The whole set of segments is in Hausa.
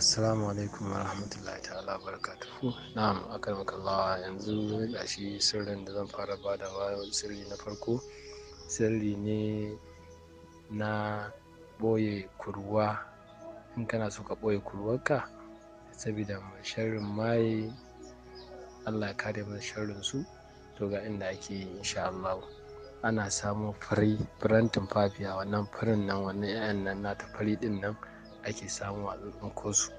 assalamu alaikum wa rahmatullahi ta'ala barakatuhu na'am akan makallawa yanzu shi sirrin da zan fara badawa sirri na farko sirri ne na ɓoye kurwa in kana so ka ɓoye kurwarka saboda sharrin maye allah ya kare mana sharrin su to ga inda ake yi insha Allah ana samun fari furen tumfafiya wannan farin nan wannan 'ya'yan nan nata fari din nan ake samu a tsuntsunko su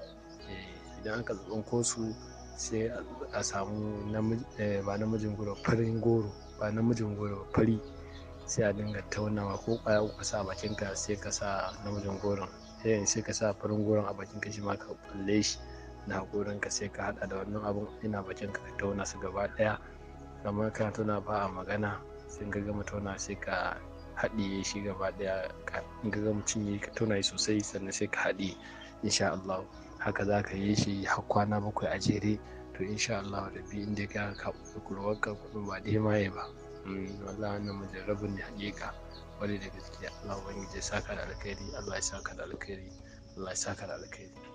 eh, idan aka tsuntsunko su sai a samu eh, ba namijin goro farin goro ba namijin goro fari sai a dinga taunawa ko kwaya uku ka sa bakin ka sai ka sa namijin goron eh, sai ka sa farin goron a bakin ka shi ma ka kalle shi na goron ka sai ka hada da wannan abun ina bakin ka ka tauna su gaba daya kamar ka tauna ba a magana sai ka gama tauna sai ka haɗiye shi gaba ɗaya ga ga mutum ya tona sosai sannan sai ka haɗiye insha Allah haka za ka yi shi har kwana bakwai a jere to insha Allah rabbi inda ka ka kulwar ka kuma ba dai yi ba mm, wala wannan mujarrabin ne ka wani da gaskiya Allah ubangiji ya saka da alkhairi Allah ya saka da alkhairi Allah ya saka da alkhairi